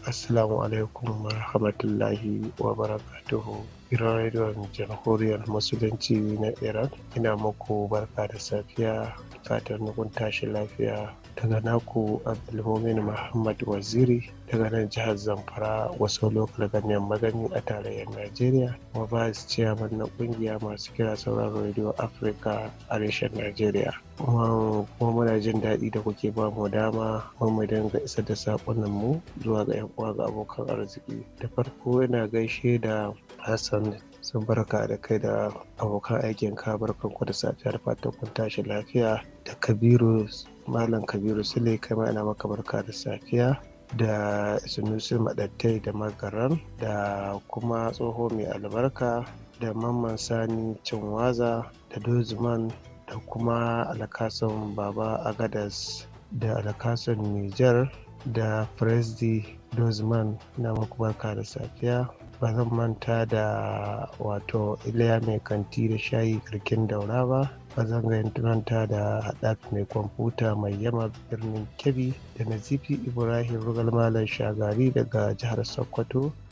Assalamu alaikum wa rahmatullahi wa barakatuhu Iran Radio Jamhuriyar Musulunci na Iran. Ina muku barka da safiya, fatan kun tashi lafiya daga naku Abdulmumin Muhammad Waziri daga nan jihar Zamfara wasu lokal ganyen magani a tarayyar Najeriya kuma vice chairman na kungiya masu kira sauran Radio Africa a reshen Najeriya. kuma muna jin daɗi da kuke ba mu dama mun mu dinga isar da saƙonnan mu zuwa ga 'yan uwa ga abokan arziki da farko ina gaishe da Hassan sun barka da kai da abokan aikin ka barkanku da safiya da fatan kun tashi lafiya da Kabiru Malam Kabiru Sule kai ma ina maka barka da safiya da Sunusi Madattai da Magaran da kuma tsoho mai albarka da Mamman Sani Cinwaza da Dozman da kuma alakasan Baba Agadas da alakasan Nijar da Presdi Dozman na maku barka da safiya ba zan manta da wato iliya mai kanti da shayi karkin daura ba ba zan manta da haɗaf mai kwamfuta mai yama birnin kebbi da nazifi ibrahim rugal malam shagari daga jihar sokoto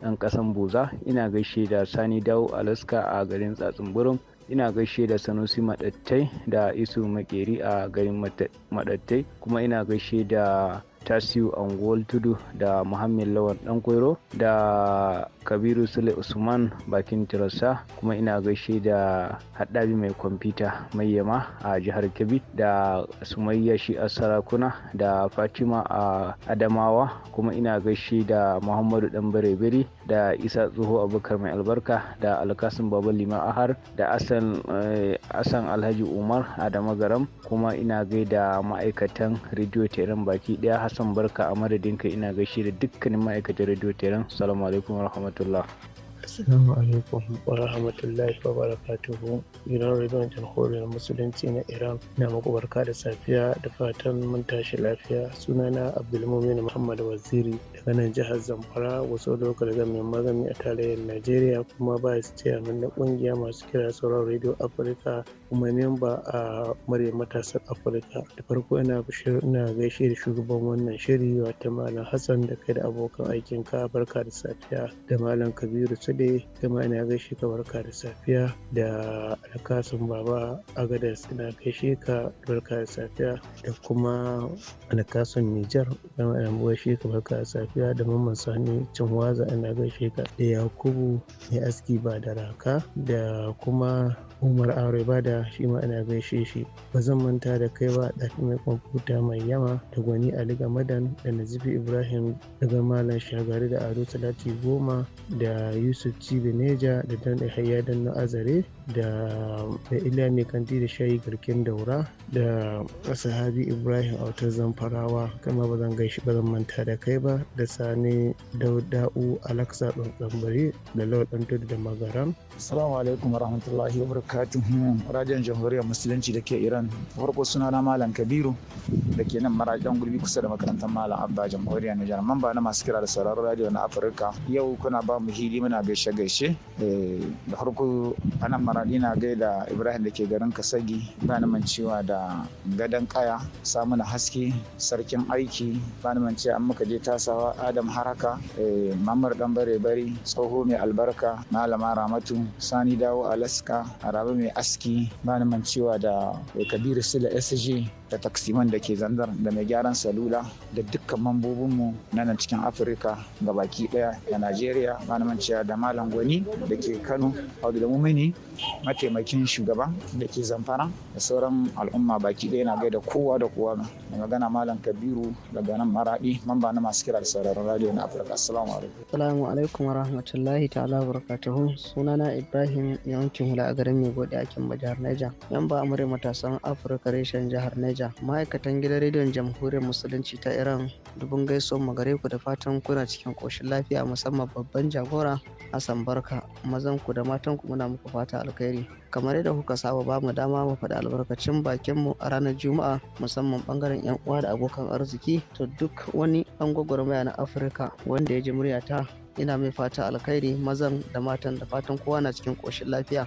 ɗan ƙasan Boza ina gaishe da Sani Dawo Alaska a garin Tsatsunburum ina gaishe da Sanusi Madattai da Isu Makeri a garin Madattai kuma ina gaishe da Tasiu Angol Tudu da muhammed Lawan Ɗankoiro da kabiru sule usman bakin tirasa kuma ina gaishe da haɗabi mai kwamfuta mai yama a jihar kebbi da sumayya shi a sarakuna da fatima a adamawa kuma ina gaishe da muhammadu dan bare da isa tsoho abubakar mai albarka da alkasin baba liman ahar da asan eh, alhaji umar adama garam kuma ina gaida ma'aikatan rediyo teran baki daya hassan barka a madadinka ina gaishe da dukkanin ma'aikatan rediyo teran salamu alaikum wa warahmatullahi rahmatullah. Assalamu alaikum wa rahmatullahi wa barakatuhu gidan rediyon jamhuriyar musulunci na Iran na muku barka da safiya da fatan mun tashi lafiya sunana Abdulmumin Muhammad Waziri maganar jihar zamfara wasu lokal mai magani a tarayyar najeriya kuma ba su ciyaman na kungiya masu kira sauran radio afirka kuma memba a murya matasan afirka da farko ina ina gaishe da shugaban wannan shiri wata malam hassan da kai da abokan aikin ka barka da safiya da malam kabiru sude kuma ina gaishe ka barka da safiya da alkasun baba gadar suna gaishe ka barka da safiya da kuma alkasun nijar kuma ina gaishe ka barka da safiya gaskiya da mamman sani cinwaza ana gaishe ka da yakubu mai aski ba da raka da kuma umar aure ba da shi ma ana gaishe shi ba zan manta da kai ba ɗafi mai kwamfuta mai yama da gwani ali gamadan da nazifi ibrahim daga malam shagari da ado talati goma da yusuf neja da dan da hayya dan na azare da ila mai kanti da shayi garkin daura da sahabi ibrahim wata zamfarawa kama ba zan gaishe ba manta da kai ba da sani dauda'u alaksa tsambari da lawal tudu da magaram assalamu alaikum warahmatullahi wabarakatuh rajin jamhuriyar musulunci da ke iran farko suna na malam kabiru da ke nan marajan gurbi kusa da makarantar malam abba jamhuriyar nijar ba na masu kira da sauraron radio na afirka yau kuna ba mu hili muna gaishe gaishe eh, da farko anan mara faɗi na da ibrahim da ke garin kasagi ba bani cewa da gadon kaya samuna haske sarkin aiki ba ni mancewa an muka je tasawa adam haraka eh, mamar dan bare bari tsoho mai albarka malama ramatu sani dawo alaska arabe mai aski ba bani cewa da eh, kabiru sila sg da taksiman da ke zandar da mai gyaran salula da dukkan mambobinmu na nan cikin afirka ga baki daya da najeriya bani cewa da malam gwani da ke kano audu da mumini mataimakin shugaban da ke zamfara da sauran al'umma baki ɗaya na gaida kowa da kowa da magana malam kabiru daga nan maraɗi mamba na masu kira da sauraron radio na afirka assalamu alaikum assalamu alaikum wa rahmatullahi ta'ala wa barakatuhu sunana ibrahim yawancin hula a garin mai a kimba jihar naija yan ba amurai matasan afirka reshen jihar naija ma'aikatan gidan rediyon jamhuriyar musulunci ta iran dubun gaisuwan magare ku da fatan kuna cikin koshin lafiya musamman babban jagora hassan barka mazanku da matanku muna muku fata alkhairi kamar yadda kuka saba ba mu dama mu faɗi albarkacin bakinmu a ranar juma'a musamman bangaren yan uwa da abokan arziki to duk wani an gwagwarmaya na afirka wanda ya ji muryata ina mai fata alkhairi mazan da matan da fatan kowa na cikin ƙoshin lafiya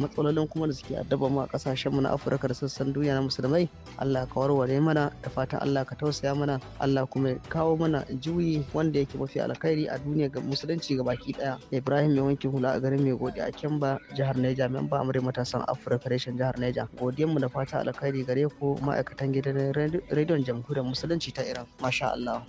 matsalolin kuma da suke addaba mu a kasashen mu na Afirka da sassan duniya na musulmai Allah ka warware mana da fatan Allah ka tausaya mana Allah kuma ya kawo mana juyi wanda yake mafi alkhairi a duniya ga musulunci ga baki daya Ibrahim mai wanki hula a garin mai godi a Kemba jihar Neja memba amurai matasan Afirka reshen jihar Neja godiyan mu da fatan alkhairi gare ku ma'aikatan gidan rediyon jamhuriyar musulunci ta Iran masha Allah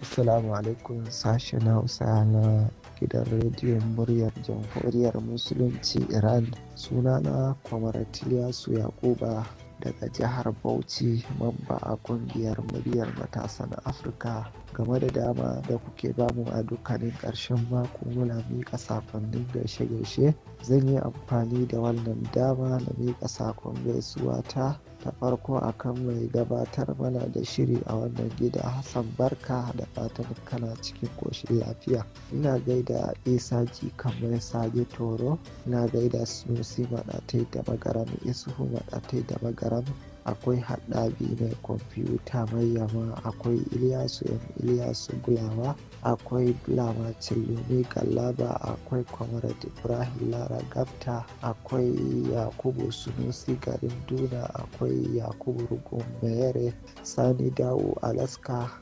Assalamu alaikum sashen Hausa na gidan rediyon muryar jamhuriyar musulunci iran suna na sunana su yakuba daga jihar bauchi mamba a kungiyar muryar matasan afirka game da dama da kuke bamu a dukkanin ƙarshen mako muna miƙa sakonnin gaishe-gaishe zan yi amfani da wannan dama na miƙa sakon gaisuwa ta ta farko akan mai gabatar mana da shiri a wannan gida hassan barka da fatan kana cikin koshin lafiya ina gaida isa ji kamar sage toro ina gaida sunusi maɗatai da magaram isuhu maɗatai da magaram akwai haɗabi mai kwamfuta mai yama akwai iliyasu yan iliyasu bulawa akwai bulawa cilomi galaba akwai comrade ibrahim lara gafta akwai yakubu sunusi garin duna akwai yakubu rugun mayere sani dawo alaska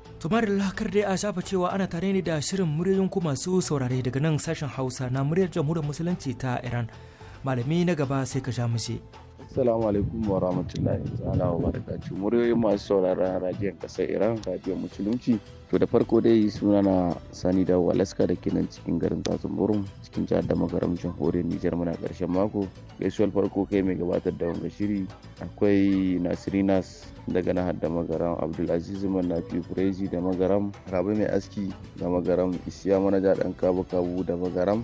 tumar lakar dai a shafa cewa ana tare ne da shirin muryoyin ku masu saurare daga nan sashen hausa na muryar jamhuriyar musulunci ta iran malami na gaba sai ka sha mushe. Assalamu alaikum wa rahmatullahi ta'ala wa barakatuh. Muryoyin masu sauraron radiyon kasar Iran, radiyon musulunci to da farko dai suna na sani da walaska da kenan cikin garin tsatsun cikin jihar da magaram jamhuriyar nijar muna karshen mako gaisuwar farko kai mai gabatar da wanga shiri akwai nasirinas daga nahar da magaram abdulaziz manafi kureji da magaram rabi mai aski da magaram isiya manaja dan kabu kabu da magaram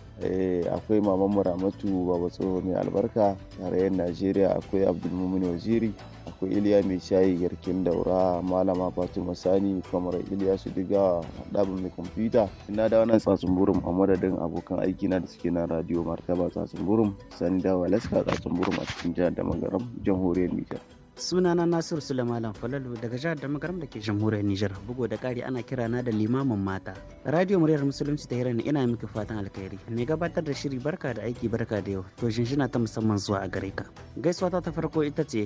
Eh, akwai mamman muramatu baba tsoho mai albarka tarayyar najeriya akwai abdulmumin waziri akwai iliya mai shayi garkin daura malama fatima sani kamar iliya su diga ɗabin mai kwamfuta ina da wannan tsatsun burum a madadin abokan aiki na da suke na radio martaba tsatsun burum sani dawa Walaska tsatsun burum a cikin jihar da magaram jamhuriyar nijar sunana nasiru sulaiman falalu daga jihar da makaram da ke jamhuriyar nijar bugu da kari ana kira na da limamin mata radio muryar musulunci ta hirar ina miki fatan alkhairi mai gabatar da shiri barka da aiki barka da yau to shinshina ta musamman zuwa a gare ka gaisuwa ta farko ita ce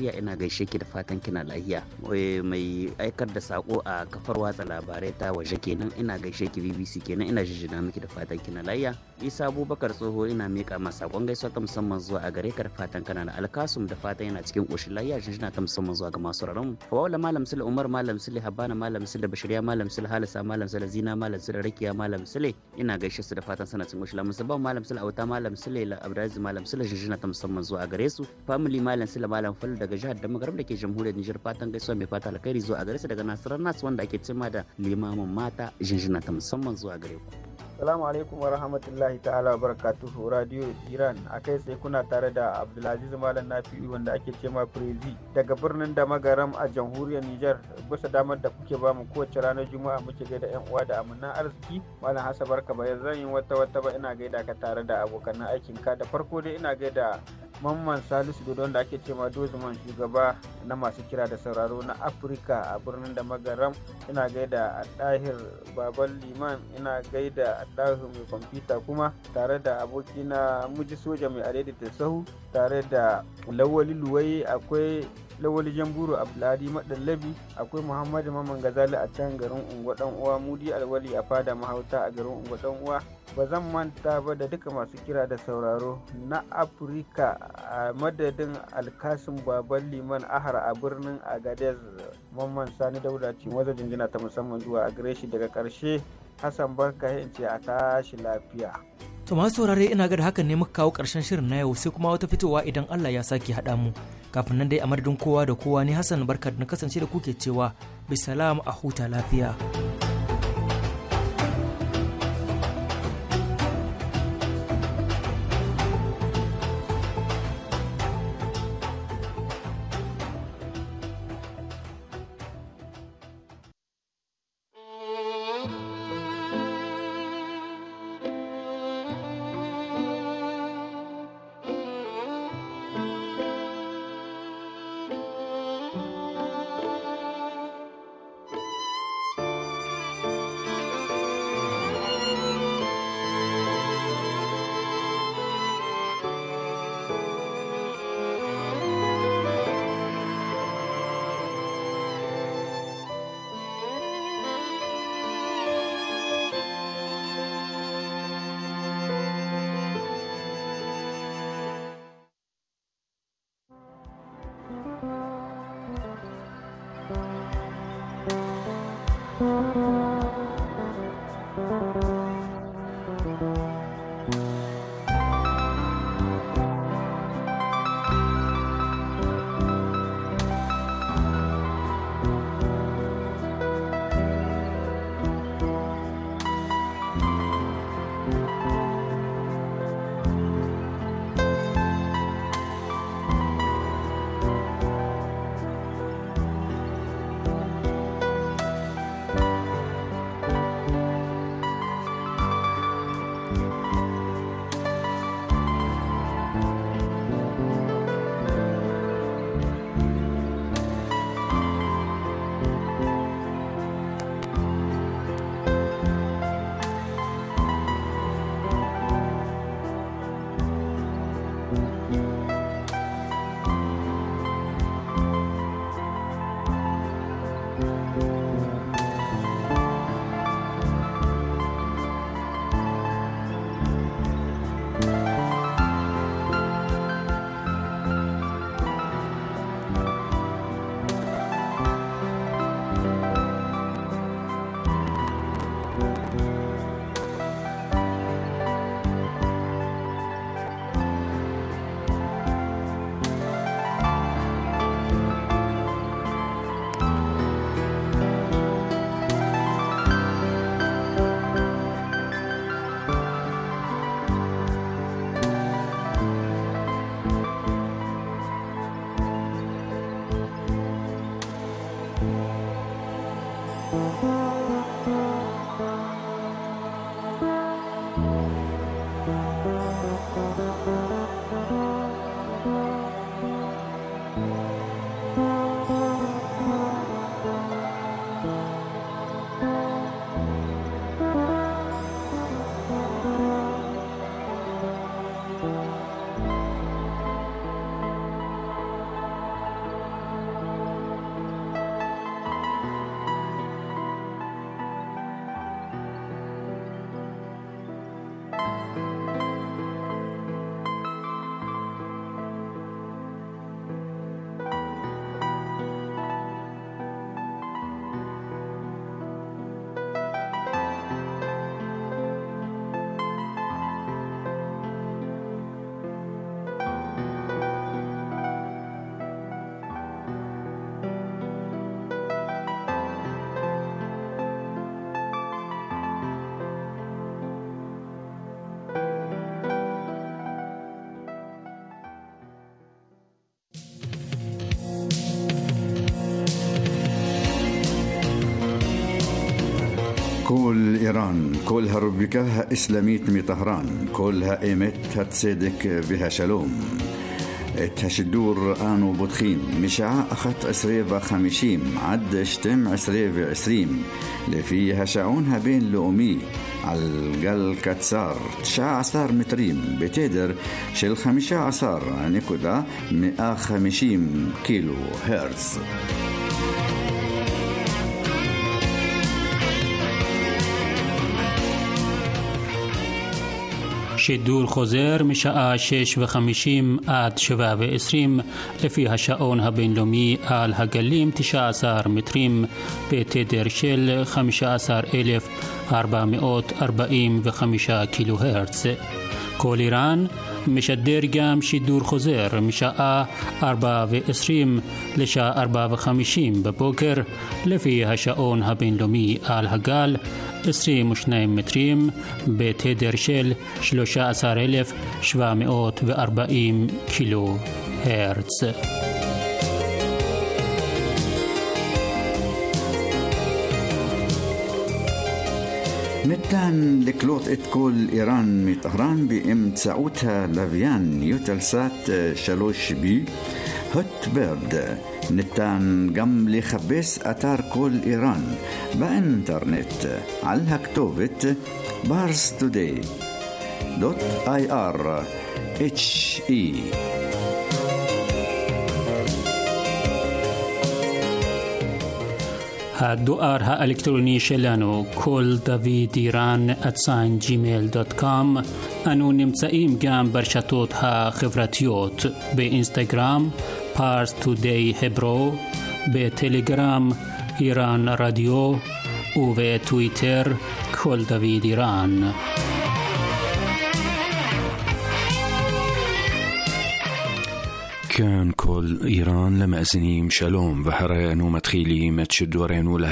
Najeriya ina gaishe ki da fatan kina lahiya. Mai aikar da sako a kafar watsa labarai ta waje kenan ina gaishe ki BBC kenan ina jijjina miki da fatan kina lahiya. Isa Abubakar Tsoho ina miƙa ma sakon gaisuwa ta musamman zuwa a gare ka da fatan kana da alkasum da fatan yana cikin ƙoshin lahiya jijjina ta musamman zuwa ga masu raron. Hawaula Malam Sule Umar Malam Sule Habana Malam Sule Bashiriya Malam Sule Halisa Malam Sule Zina Malam Sule Rakiya Malam Sule ina gaishe su da fatan sana cikin ƙoshin lahiya musamman Malam Sule Auta Malam Sule Abdulaziz Malam Sule jijjina ta musamman zuwa a gare su. Family Malam Sule Malam Fal da daga jihar da magaram da ke jamhuriyar Nijar fatan gaisuwa mai fata alkhairi zuwa gare su daga Nasarar nasu wanda ake cima da limamin mata jinjina ta musamman zuwa gare ku. Salamu alaikum wa rahmatullahi ta'ala barakatuhu Radio Iran a kai sai kuna tare da Abdulaziz Malam Nafi wanda ake cema Prezi daga birnin da magaram a jamhuriyar Nijar bisa damar da kuke ba mu kowace ranar Juma'a muke gaida yan uwa da amanna arziki Malam Hassan barka bayan zan yi wata wata ba ina gaida ka tare da abokan aikin ka da farko dai ina gaida mamman salisu dodo wanda ake cema dozman shugaba na masu kira da sauraro na afirka a birnin da magaram ina gaida a ɗahir baban liman ina gaida a ɗahir mai kwamfuta kuma tare da abokina muji soja mai adaidaita sahu tare da lawali luwai akwai lawali jamburu abdulladi madallabi akwai muhammadu mamman gazali a can garin unguwa dan uwa mudi alwali a fada mahauta a garin unguwa dan uwa ba zan manta ba da duka masu kira da sauraro na afirka a madadin alkasin baban liman ahar a birnin agadez mamman sani dauda ce wajen jinjina ta musamman zuwa a daga karshe hassan barka ce a tashi lafiya To masu saurare ina ga da hakan ne muka kawo ƙarshen shirin na yau sai kuma wata fitowa idan Allah ya sake haɗa mu. Kafin nan dai a madadin kowa da kowa ne Hassan barka na kasance da kuke cewa bisalam a huta lafiya. كل إيران كلها ربكها إسلاميت مي طهران كلها إيمت هتصدق بها شلوم الدور آنو بطخيم مشاع أخت عسرية خمشيم عد شتم عسرية عسريم لفيها شعونها بين لؤمي على الجل كتسار تشاع عصار متريم بتدر شل חמישה עשר نكودا مئة خمشيم كيلو هرتز شی خوزر میشه ۶۵۵ اد شواب و اسیم لفیه هشونها بینلومی آل هگلیم تی متریم پت در شل ۵۲۴۴۴۵ و ۵۰ کیلوهرتز کولیران میشه در گام شی دوور خوزر میشه ۴۵ اسیم لفیه هشونها آل هگال اسری مشنایم متریم به تدرشل شلوشا اثار و اربعیم کیلو هرتز متان לקלוט את כל איראן מטהרן באמצעות הלוויין 3B, הוטברד. نتان گمل خبس اتار کل ایران با انترنت الهاکتوفیت بارس تو دی دات آی ار ای ادوارها ها کل دوی د ایران اتس ایم جیمیل دوت کام انونیمس ایم گام برشتوت ها خبرتیات به اینستاگرام پارس دی هبرو به تلگرام ایران رادیو و به توییتر کل دوید ایران كان كل إيران لما أزنيم شالوم وهرين ومتخيلي متشد ورين